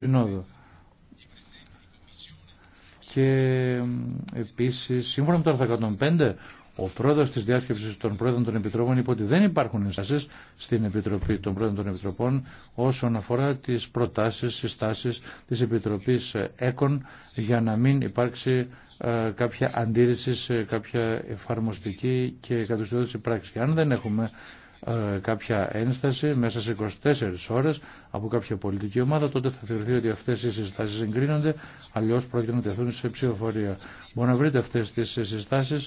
Συνόδου. Και επίσης, σύμφωνα με το άρθρο 105, ο πρόεδρος της διάσκεψης των πρόεδρων των επιτροπών είπε ότι δεν υπάρχουν ενστάσεις στην Επιτροπή των Πρόεδρων των Επιτροπών όσον αφορά τις προτάσεις, συστάσεις της Επιτροπής ΕΚΟΝ για να μην υπάρξει ε, κάποια αντίρρηση σε κάποια εφαρμοστική και κατουσιώδηση πράξη. Αν δεν έχουμε ε, κάποια ένσταση μέσα σε 24 ώρες από κάποια πολιτική ομάδα, τότε θα θεωρηθεί ότι αυτές οι συστάσεις εγκρίνονται αλλιώς πρόκειται να τεθούν σε ψηφοφορία. Μπορείτε να βρείτε αυτές τις συστάσεις